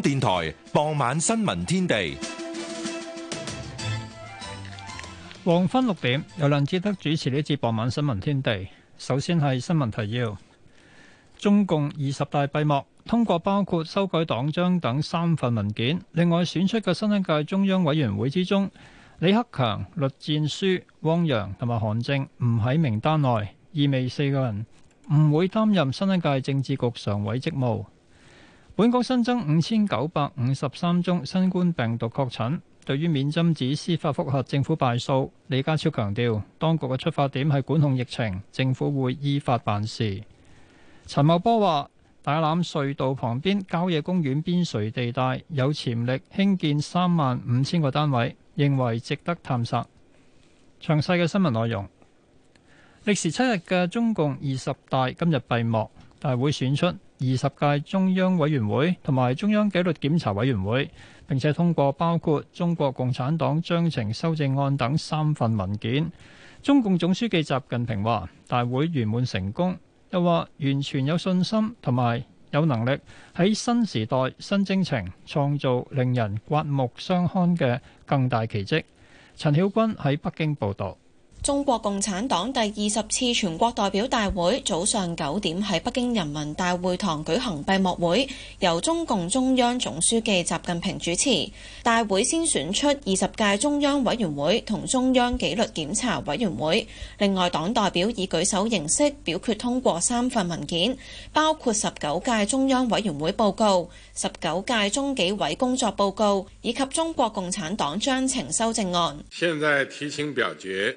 電台傍晚新聞天地，黃昏六點由梁志德主持呢節傍晚新聞天地。首先係新聞提要：中共二十大閉幕，通過包括修改黨章等三份文件。另外選出嘅新一屆中央委員會之中，李克強、栗戰書、汪洋同埋韓正唔喺名單內，意味四個人唔會擔任新一屆政治局常委職務。本港新增五千九百五十三宗新冠病毒確診，對於免針紙司法覆核政府敗訴，李家超強調，當局嘅出發點係管控疫情，政府會依法辦事。陳茂波話：大欖隧道旁邊郊野公園邊陲地帶有潛力興建三萬五千個單位，認為值得探索。詳細嘅新聞內容，歷時七日嘅中共二十大今日閉幕，大會選出。二十屆中央委員會同埋中央紀律檢查委員會，並且通過包括《中國共產黨章程修正案》等三份文件。中共總書記習近平話，大會圓滿成功，又話完全有信心同埋有能力喺新時代、新征程創造令人刮目相看嘅更大奇蹟。陳曉君喺北京報導。中國共產黨第二十次全國代表大會早上九點喺北京人民大會堂舉行閉幕會，由中共中央總書記習近平主持。大會先選出二十屆中央委員會同中央紀律檢查委員會。另外，黨代表以舉手形式表決通過三份文件，包括十九屆中央委員會報告、十九屆中紀委工作報告以及中國共產黨章程修正案。現在提請表決。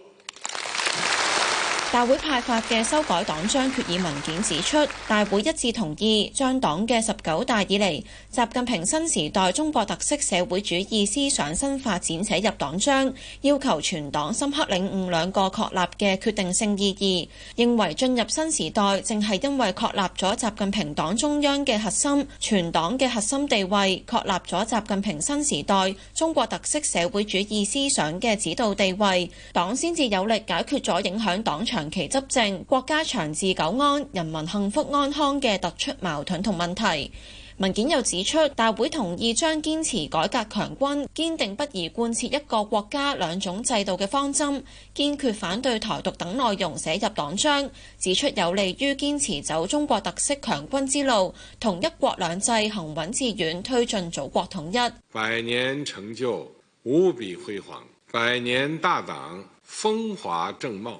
大會派發嘅修改黨章決議文件指出，大會一致同意將黨嘅十九大以嚟習近平新時代中國特色社會主義思想新發展寫入黨章，要求全黨深刻領悟兩個確立嘅決定性意義，認為進入新時代正係因為確立咗習近平黨中央嘅核心，全黨嘅核心地位，確立咗習近平新時代中國特色社會主義思想嘅指導地位，黨先至有力解決咗影響黨長長期執政，國家長治久安，人民幸福安康嘅突出矛盾同問題。文件又指出，大會同意將堅持改革強軍、堅定不移貫徹一個國家兩種制度嘅方針，堅決反對台獨等內容寫入黨章，指出有利於堅持走中國特色強軍之路，同一國兩制行穩致遠，推進祖國統一。百年成就無比輝煌，百年大黨風華正茂。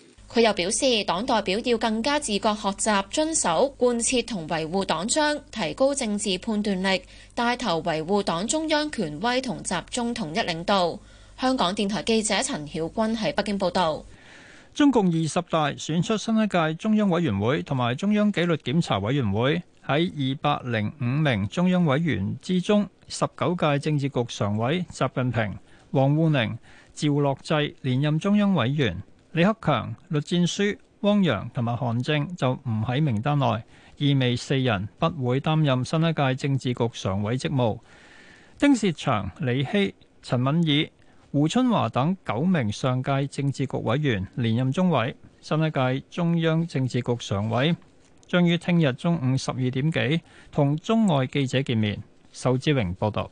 佢又表示，黨代表要更加自覺學習、遵守、貫徹同維護黨章，提高政治判斷力，帶頭維護黨中央權威同集中統一領導。香港電台記者陳曉君喺北京報道。中共二十大選出新一屆中央委員會同埋中央紀律檢查委員會，喺二百零五名中央委員之中，十九屆政治局常委習近平、王滬寧、趙樂際連任中央委員。李克強、栗戰書、汪洋同埋韓正就唔喺名單內，意味四人不會擔任新一屆政治局常委職務。丁薛祥、李希、陳敏爾、胡春華等九名上屆政治局委員連任中委，新一屆中央政治局常委將於聽日中午十二點幾同中外記者見面。仇志榮報導。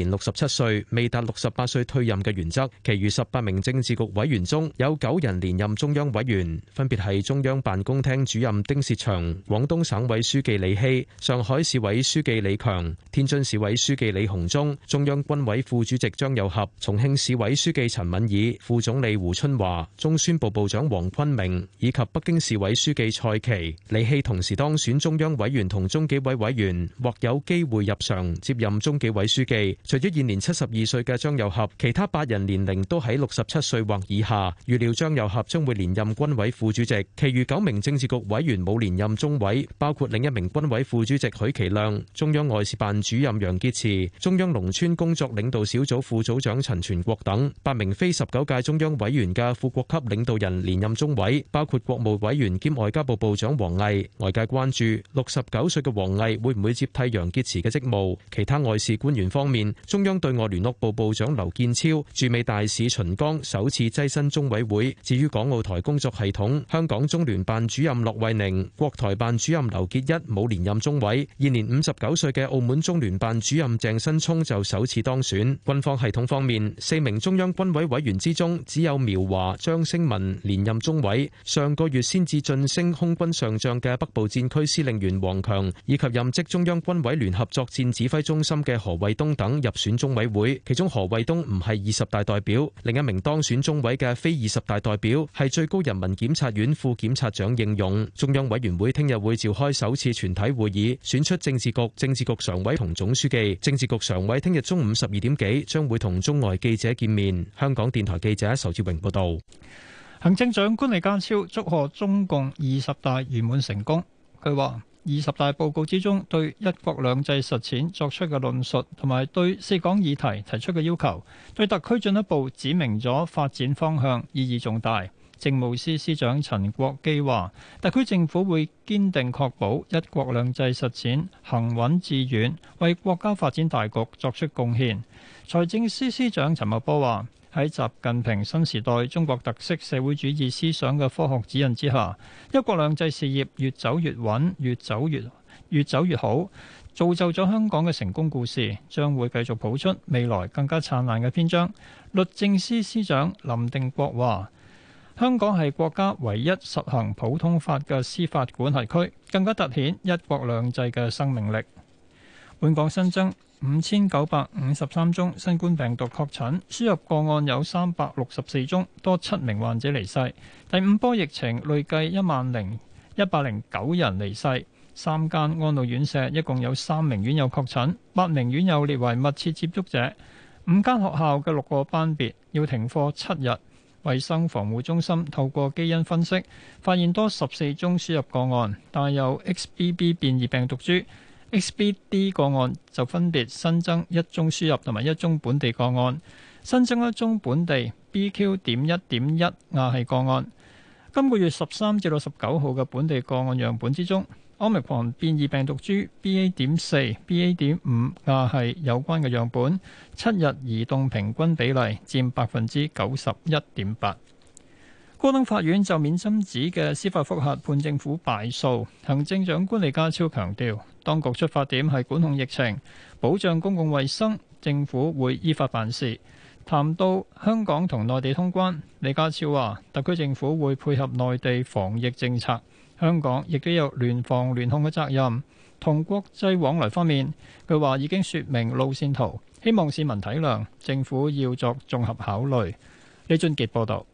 年六十七歲，未達六十八歲退任嘅原則。其餘十八名政治局委員中有九人連任中央委員，分別係中央辦公廳主任丁薛祥、廣東省委書記李希、上海市委書記李強、天津市委書記李鴻忠、中央軍委副主席張又俠、重慶市委書記陳敏爾、副總理胡春華、中宣部部長黃坤明以及北京市委書記蔡奇。李希同時當選中央委員同中紀委委員，或有機會入常接任中紀委書記。除咗現年七十二歲嘅張又俠，其他八人年齡都喺六十七歲或以下。預料張又俠將會連任軍委副主席，其餘九名政治局委員冇連任中委，包括另一名軍委副主席許其亮、中央外事辦主任楊潔篪、中央農村工作領導小組副組長陳全國等八名非十九屆中央委員嘅副國級領導人連任中委，包括國務委員兼外交部部長王毅。外界關注六十九歲嘅王毅會唔會接替楊潔篪嘅職務，其他外事官員方面，中央對外聯絡部部長劉建超、駐美大使秦剛首次躋身中委會。至於港澳台工作系統，香港中聯辦主任駱惠寧、國台辦主任劉結一冇連任中委。現年五十九歲嘅澳門中聯辦主任鄭新聰就首次當選。軍方系統方面，四名中央軍委委員之中，只有苗華、張升文連任中委。上個月先至晉升空軍上將嘅北部戰區司令員王強，以及任職中央軍委聯合作戰指揮中心嘅何衛東等選中委會，其中何衛東唔係二十大代表，另一名當選中委嘅非二十大代表係最高人民檢察院副檢察長應勇。中央委員會聽日會召開首次全體會議，選出政治局、政治局常委同總書記。政治局常委聽日中午十二點幾將會同中外記者見面。香港電台記者仇志榮報道。行政長官李家超祝賀中共二十大圓滿成功。佢話：二十大報告之中對一國兩制實踐作出嘅論述，同埋對四港議題提出嘅要求，對特區進一步指明咗發展方向，意義重大。政務司司長陳國基話，特區政府會堅定確保一國兩制實踐行穩致遠，為國家發展大局作出貢獻。財政司司長陳茂波話，喺習近平新時代中國特色社會主義思想嘅科學指引之下，一國兩制事業越走越穩，越走越，越走越好，造就咗香港嘅成功故事，將會繼續譜出未來更加燦爛嘅篇章。律政司司長林定國話。香港係國家唯一實行普通法嘅司法管轄區，更加突顯一國兩制嘅生命力。本港新增五千九百五十三宗新冠病毒確診，輸入個案有三百六十四宗，多七名患者離世。第五波疫情累計一萬零一百零九人離世。三間安老院舍一共有三名院友確診，八名院友列為密切接觸者。五間學校嘅六個班別要停課七日。衞生防護中心透過基因分析，發現多十四宗輸入個案，帶有 XBB 變異病毒株；XBD 個案就分別新增一宗輸入同埋一宗本地個案，新增一宗本地 BQ 點一點一亞系個案。今個月十三至到十九號嘅本地個案樣本之中，奧密克戎變異病毒株 BA. 點四、BA. 點五亞系有關嘅樣本七日移動平均比例佔百分之九十一點八。高等法院就免針紙嘅司法覆核判政府敗訴。行政長官李家超強調當局出發點係管控疫情，保障公共衛生，政府會依法辦事。談到香港同內地通關，李家超話特區政府會配合內地防疫政策。香港亦都有聯防聯控嘅責任。同國際往來方面，佢話已經説明路線圖，希望市民體諒，政府要作綜合考慮。李俊傑報導。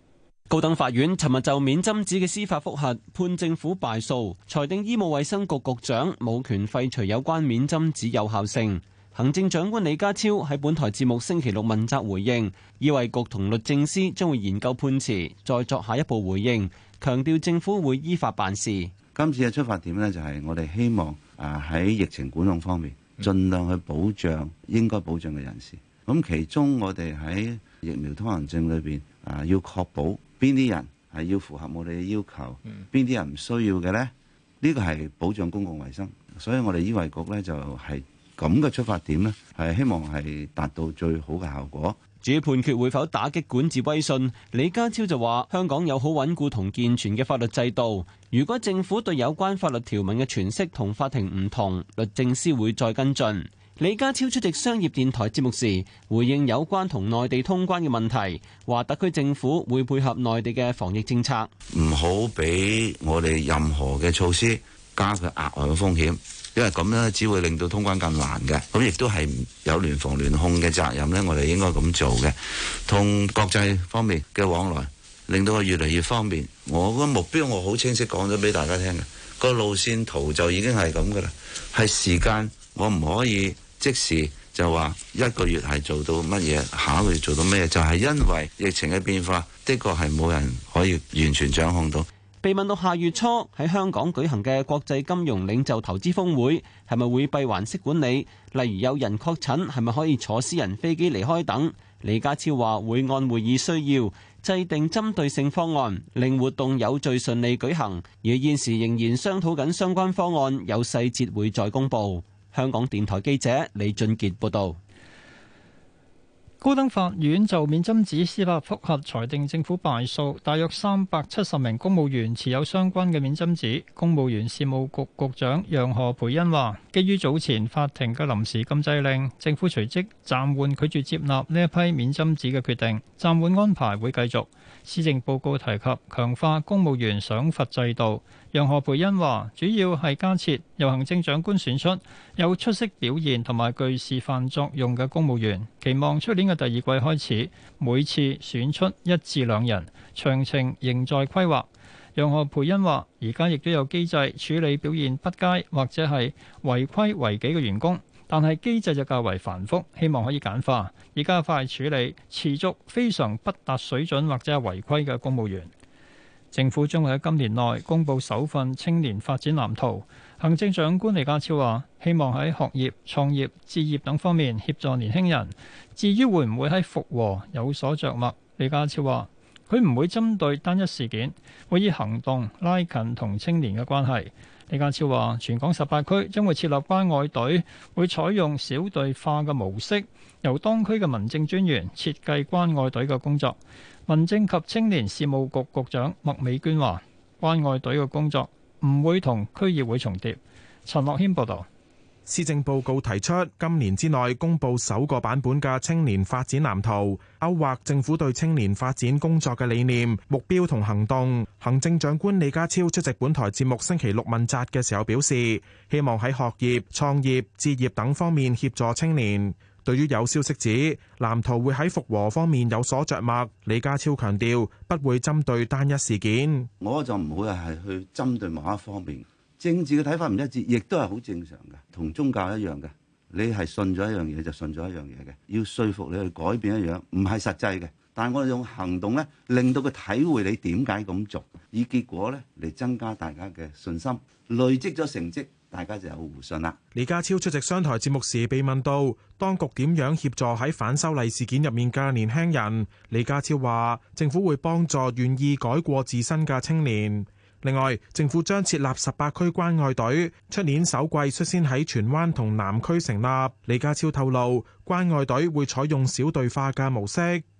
高等法院尋日就免針紙嘅司法覆核判政府敗訴，裁定醫務衛生局局長冇權廢除有關免針紙有效性。行政長官李家超喺本台節目星期六問責回應，醫衛局同律政司將會研究判詞，再作下一步回應。強調政府會依法辦事。今次嘅出發點呢，就係我哋希望啊喺疫情管控方面，盡量去保障應該保障嘅人士。咁其中我哋喺疫苗通行證裏面啊，要確保邊啲人係要符合我哋嘅要求，邊啲人唔需要嘅呢？呢個係保障公共衛生，所以我哋醫衞局呢，就係咁嘅出發點呢，係希望係達到最好嘅效果。至於判決會否打擊管治威信，李家超就話：香港有好穩固同健全嘅法律制度。如果政府對有關法律條文嘅詮釋同法庭唔同，律政司會再跟進。李家超出席商業電台節目時，回應有關同內地通關嘅問題，話特區政府會配合內地嘅防疫政策，唔好俾我哋任何嘅措施加佢額外嘅風險。因為咁樣只會令到通關更難嘅。咁亦都係有聯防聯控嘅責任呢，我哋應該咁做嘅。同國際方面嘅往來，令到佢越嚟越方便。我個目標，我好清晰講咗俾大家聽嘅。個路線圖就已經係咁噶啦，係時間我唔可以即時就話一個月係做到乜嘢，下一個月做到乜嘢，就係因為疫情嘅變化，的確係冇人可以完全掌控到。被問到下月初喺香港舉行嘅國際金融領袖投資峰會係咪會閉環式管理，例如有人確診係咪可以坐私人飛機離開等，李家超話會按會議需要制定針對性方案，令活動有序順利舉行，而現時仍然商討緊相關方案，有細節會再公布。香港電台記者李俊傑報道。高等法院就免針紙司法複核裁定政府敗訴，大約三百七十名公務員持有相關嘅免針紙。公務員事務局局，局長楊何蓓茵話，基於早前法庭嘅臨時禁制令，政府隨即暫緩拒絕接納呢一批免針紙嘅決定，暫緩安排會繼續。施政報告提及強化公務員賞罰制度。楊何培恩話：主要係加設由行政長官選出有出色表現同埋具示範作用嘅公務員，期望出年嘅第二季開始每次選出一至兩人，詳情仍在規劃。楊何培恩話：而家亦都有機制處理表現不佳或者係違規違紀嘅員工，但係機制就較為繁複，希望可以簡化，以加快處理持續非常不達水準或者係違規嘅公務員。政府將會喺今年內公布首份青年發展藍圖。行政長官李家超話：希望喺學業、創業、置業等方面協助年輕人。至於會唔會喺復和有所著墨，李家超話：佢唔會針對單一事件，會以行動拉近同青年嘅關係。李家超話：全港十八區將會設立關愛隊，會採用小隊化嘅模式。由當區嘅民政專員設計關愛隊嘅工作。民政及青年事務局局長麥美娟話：關愛隊嘅工作唔會同區議會重疊。陳樂謙報道。施政報告提出今年之內公布首個版本嘅青年發展藍圖，勾畫政府對青年發展工作嘅理念、目標同行動。行政長官李家超出席本台節目星期六問責嘅時候表示，希望喺學業、創業、置業等方面協助青年。對於有消息指藍圖會喺復和方面有所着墨，李家超強調不會針對單一事件。我就唔會係去針對某一方面。政治嘅睇法唔一致，亦都係好正常嘅，同宗教一樣嘅。你係信咗一樣嘢就信咗一樣嘢嘅，要説服你去改變一樣，唔係實際嘅。但我用行動咧，令到佢體會你點解咁做，以結果咧嚟增加大家嘅信心，累積咗成績，大家就有互信啦。李家超出席商台節目時被問到，當局點樣協助喺反修例事件入面嘅年輕人？李家超話：政府會幫助願意改過自身嘅青年。另外，政府將設立十八區關愛隊，出年首季率先喺荃灣同南區成立。李家超透露，關愛隊會採用小隊化嘅模式。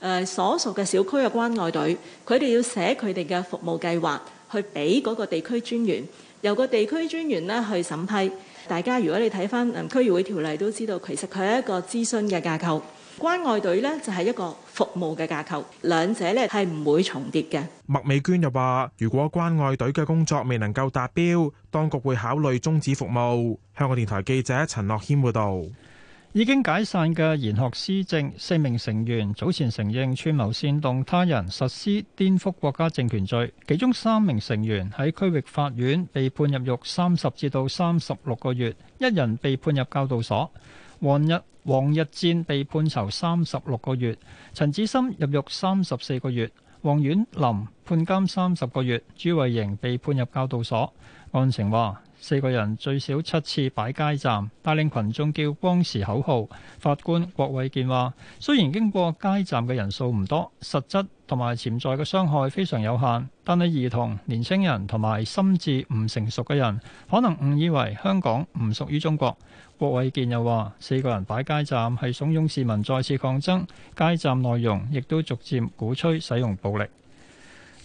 誒所屬嘅小區嘅關愛隊，佢哋要寫佢哋嘅服務計劃，去俾嗰個地區專員，由個地區專員去審批。大家如果你睇返《嗯區議會條例》都知道，其實佢係一個諮詢嘅架構，關愛隊呢，就係一個服務嘅架構，兩者呢係唔會重疊嘅。麥美娟又話，如果關愛隊嘅工作未能夠達標，當局會考慮終止服務。香港電台記者陳樂軒報道。已經解散嘅賢學思政四名成員，早前承認串謀煽動他人實施顛覆國家政權罪，其中三名成員喺區域法院被判入獄三十至到三十六個月，一人被判入教導所。王逸王逸戰被判囚三十六個月，陳枳森入獄三十四個月，黃沅琳判監三十個月，朱慧盈被判入教導所。案情話，四個人最少七次擺街站，帶領群眾叫光時口號。法官郭偉健話，雖然經過街站嘅人數唔多，實質同埋潛在嘅傷害非常有限，但係兒童、年輕人同埋心智唔成熟嘅人可能誤以為香港唔屬於中國。郭偉健又話，四個人擺街站係慫恿市民再次抗爭，街站內容亦都逐漸鼓吹使用暴力。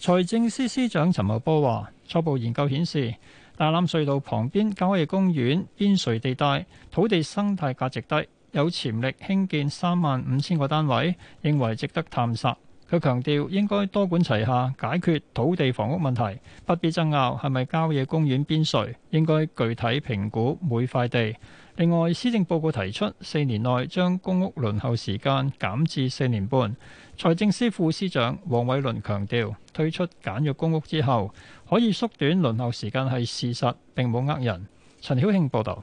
財政司司長陳茂波話，初步研究顯示。大欖隧道旁邊郊野公園邊陲地帶土地生態價值低，有潛力興建三萬五千個單位，認為值得探索。佢強調應該多管齊下解決土地房屋問題，不必爭拗係咪郊野公園邊陲，應該具體評估每塊地。另外，施政報告提出四年內將公屋輪候時間減至四年半。財政司副司長黃偉綸強調，推出簡約公屋之後，可以縮短輪候時間係事實，並冇呃人。陳曉慶報導。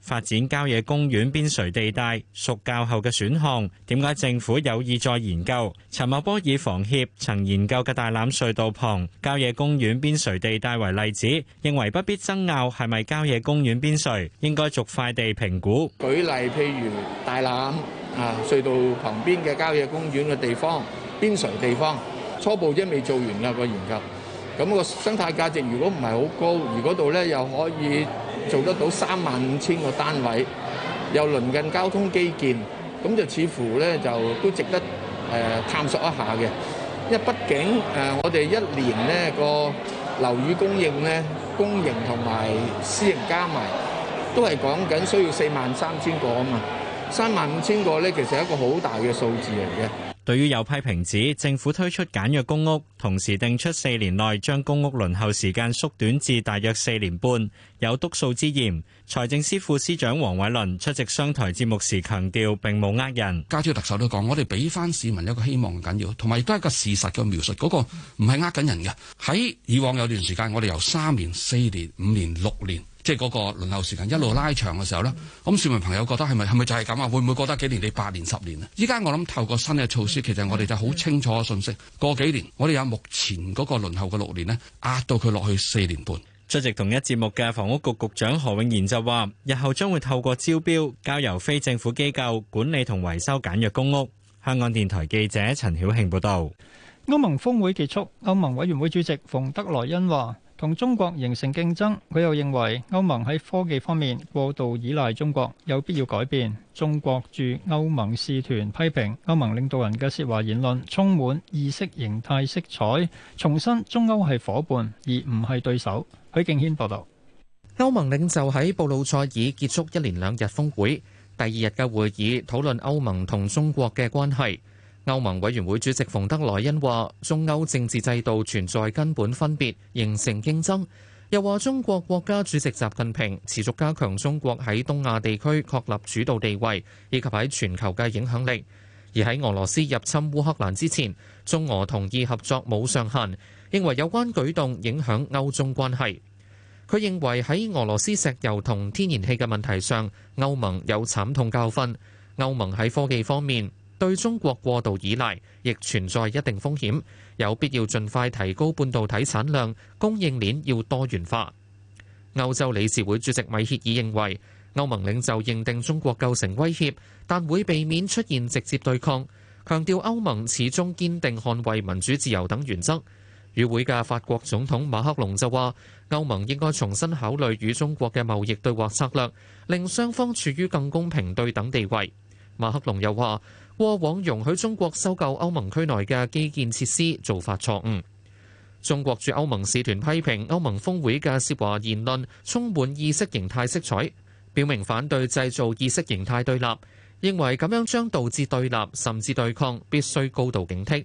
發展郊野公園邊陲地帶屬較後嘅選項，點解政府有意再研究？陳茂波以房協曾研究嘅大欖隧道旁郊野公園邊陲地帶為例子，認為不必爭拗係咪郊野公園邊陲，應該逐快地評估。舉例譬如大欖啊隧道旁邊嘅郊野公園嘅地方邊陲地方，初步即係未做完啦個研究。咁個生態價值如果唔係好高，而嗰度呢又可以。做得到三萬五千個單位，又鄰近交通基建，咁就似乎咧就都值得誒、呃、探索一下嘅。因為畢竟誒、呃、我哋一年咧、嗰個樓宇供應咧公營同埋私營加埋，都係講緊需要四萬三千個啊嘛。三萬五千個咧，其實係一個好大嘅數字嚟嘅。對於有批評指政府推出簡約公屋，同時定出四年內將公屋輪候時間縮短至大約四年半，有督數之嫌，財政司副司長黃偉綸出席商台節目時強調，並冇呃人。家超特首都講，我哋俾返市民一個希望緊要，同埋亦都係一個事實嘅描述，嗰個唔係呃緊人嘅。喺以往有段時間，我哋由三年、四年、五年、六年。即係嗰個輪候時間一路拉長嘅時候呢，咁市民朋友覺得係咪係咪就係咁啊？會唔會覺得幾年、你八年、十年啊？依家我諗透過新嘅措施，其實我哋就好清楚嘅信息。過幾年，我哋有目前嗰個輪候嘅六年呢，壓到佢落去四年半。出席同一節目嘅房屋局局長何永賢就話，日後將會透過招標，交由非政府機構管理同維修簡約公屋。香港電台記者陳曉慶報導。歐盟峰會結束，歐盟委員會主席馮德萊恩話，同中國形成競爭，佢又認為歐盟喺科技方面過度依賴中國，有必要改變。中國駐歐盟使團批評歐盟領導人嘅涉華言論充滿意識形態色彩，重申中歐係夥伴而唔係對手。許敬軒報導，歐盟領袖喺布魯塞爾結束一連兩日峯會，第二日嘅會議討論歐盟同中國嘅關係。歐盟委員會主席馮德萊恩話：中歐政治制度存在根本分別，形成競爭。又話中國國家主席習近平持續加強中國喺東亞地區確立主導地位，以及喺全球嘅影響力。而喺俄羅斯入侵烏克蘭之前，中俄同意合作冇上限，認為有關舉動影響歐中關係。佢認為喺俄羅斯石油同天然氣嘅問題上，歐盟有慘痛教訓。歐盟喺科技方面。對中國過度依賴亦存在一定風險，有必要盡快提高半導體產量，供應鏈要多元化。歐洲理事會主席米歇爾認為，歐盟領袖認定中國構成威脅，但會避免出現直接對抗，強調歐盟始終堅定捍衛民主自由等原則。與會嘅法國總統馬克龍就話，歐盟應該重新考慮與中國嘅貿易對話策略，令雙方處於更公平對等地位。馬克龍又話：過往容許中國收購歐盟區內嘅基建設施做法錯誤。中國駐歐盟使團批評歐盟峰會嘅涉華言論充滿意識形態色彩，表明反對製造意識形態對立，認為咁樣將導致對立甚至對抗，必須高度警惕。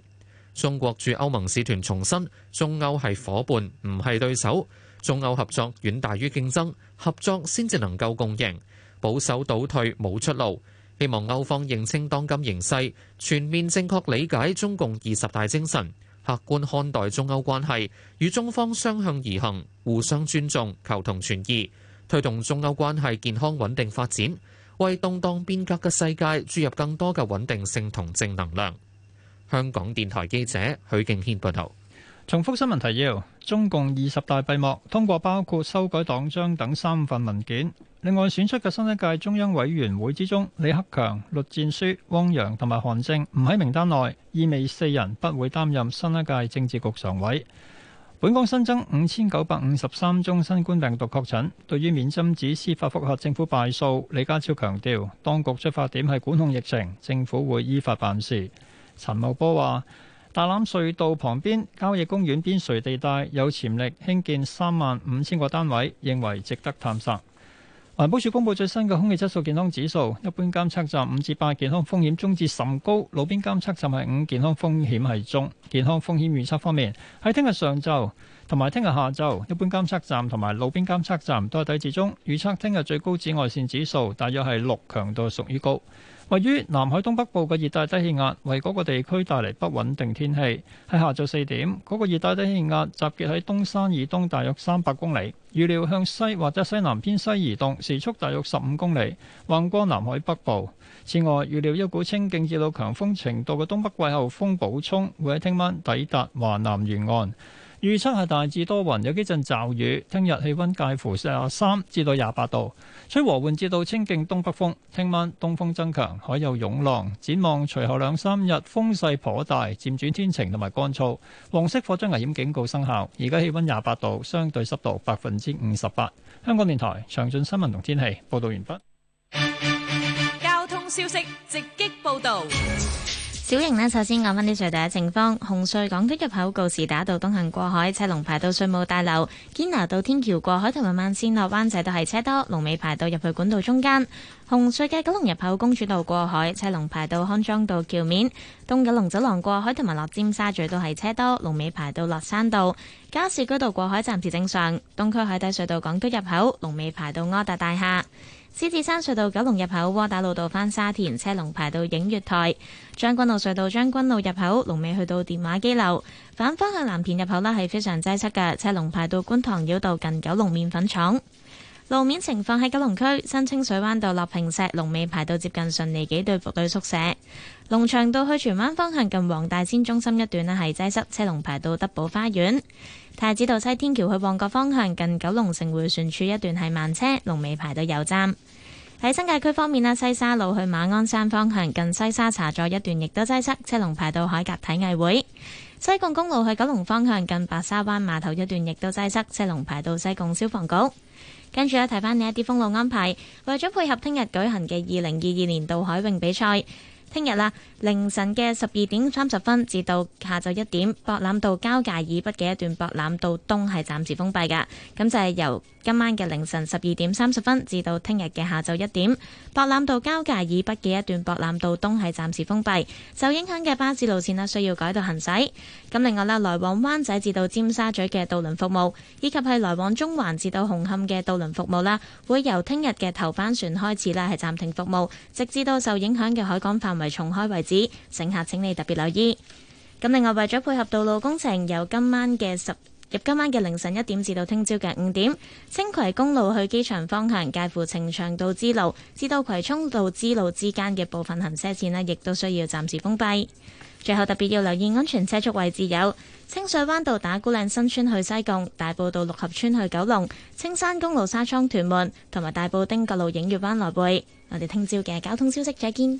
中國駐歐盟使團重申，中歐係伙伴唔係對手，中歐合作遠大於競爭，合作先至能夠共贏。保守倒退冇出路。希望歐方認清當今形勢，全面正確理解中共二十大精神，客觀看待中歐關係，與中方相向而行，互相尊重，求同存異，推動中歐關係健康穩定發展，為動盪變革嘅世界注入更多嘅穩定性同正能量。香港電台記者許敬軒報導。重複新聞提要：中共二十大閉幕，通過包括修改黨章等三份文件。另外選出嘅新一屆中央委員會之中，李克強、栗戰書、汪洋同埋韓正唔喺名單內，意味四人不會擔任新一屆政治局常委。本港新增五千九百五十三宗新冠病毒確診。對於免針紙司法覆核政府敗訴，李家超強調，當局出發點係管控疫情，政府會依法辦事。陳茂波話。大欖隧道，旁邊郊野公園邊陲地帶有潛力興建三萬五千個單位，認為值得探索。環保署公布最新嘅空氣質素健康指數，一般監測站五至八，健康風險中至甚高，路邊監測站係五，健康風險係中。健康風險預測方面，喺聽日上晝，同埋，聽日下晝一般監測站同埋路邊監測站都係低至中預測。聽日最高紫外線指數大約係六，強度屬於高。位於南海東北部嘅熱帶低氣壓為嗰個地區帶嚟不穩定天氣。喺下晝四點嗰個熱帶低氣壓集結喺東山以東大約三百公里。預料向西或者西南偏西移動，時速大約十五公里，橫過南海北部。此外，預料一股清勁熱到強風程度嘅東北季候風補充會喺聽晚抵達華南沿岸。預測係大致多雲，有幾陣驟雨。聽日氣溫介乎廿三至到廿八度，吹和緩至到清勁東北風。聽晚東風增強，海有湧浪。展望隨後兩三日，風勢頗大，漸轉天晴同埋乾燥。黃色火災危險警告生效。而家氣溫廿八度，相對濕度百分之五十八。香港電台詳盡新聞同天氣報道完畢。交通消息，直擊報道。小瑩呢，首先講翻啲隧道嘅情況。紅隧港島入口告士打道東行過海，車龍排到稅務大樓堅拿道天橋過海，同埋慢線落灣仔都係車多，龍尾排到入去管道中間。紅隧嘅九龍入口公主道過海，車龍排到康莊道橋面。東九龍走廊過海同埋落尖沙咀都係車多，龍尾排到落山道。加士居道過海暫時正常。東區海底隧道港島入口，龍尾排到柯達大廈。獅子山隧道九龍入口窩打老道翻沙田，車龍排到映月台；將軍澳隧道將軍澳入口龍尾去到電話機樓。反方向藍田入口呢係非常擠塞嘅，車龍排到觀塘繞道近九龍麵粉廠。路面情況喺九龍區，新清水灣道立坪石龍尾排到接近順利紀律部隊宿舍；龍翔道去荃灣方向近黃大仙中心一段咧係擠塞，車龍排到德寶花園；太子道西天橋去旺角方向近九龍城迴旋處一段係慢車，龍尾排到油站。喺新界區方面呢，西沙路去馬鞍山方向近西沙茶座一段亦都擠塞，車龍排到海峽體藝會；西貢公路去九龍方向近白沙灣碼頭一段亦都擠塞，車龍排到西貢消防局。跟住咧，提翻你一啲封路安排。為咗配合聽日舉行嘅二零二二年度海泳比賽。聽日啦，凌晨嘅十二點三十分至到下晝一點，博覽道交界以北嘅一段博覽道東係暫時封閉嘅。咁就係由今晚嘅凌晨十二點三十分至到聽日嘅下晝一點，博覽道交界以北嘅一段博覽道東係暫時封閉。受影響嘅巴士路線啦，需要改道行駛。咁另外啦，來往灣仔至到尖沙咀嘅渡輪服務，以及係來往中環至到紅磡嘅渡輪服務啦，會由聽日嘅頭班船開始啦，係暫停服務，直至到受影響嘅海港範圍重開為止，乘客請你特別留意。咁另外為咗配合道路工程，由今晚嘅十入今晚嘅凌晨一點至到聽朝嘅五點，青葵公路去機場方向介乎呈祥道支路至到葵涌道支路之間嘅部分行車線呢亦都需要暫時封閉。最後特別要留意安全車速位置，有清水灣道打鼓嶺新村去西貢、大埔道六合村去九龍、青山公路沙涌屯門同埋大埔汀角路映月灣來回。我哋聽朝嘅交通消息，再見。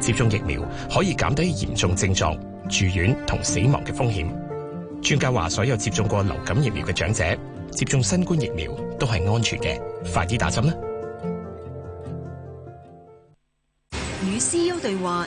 接種疫苗可以減低嚴重症狀、住院同死亡嘅風險。專家話，所有接種過流感疫苗嘅長者接種新冠疫苗都係安全嘅。快啲打針啦！與 C U 對話。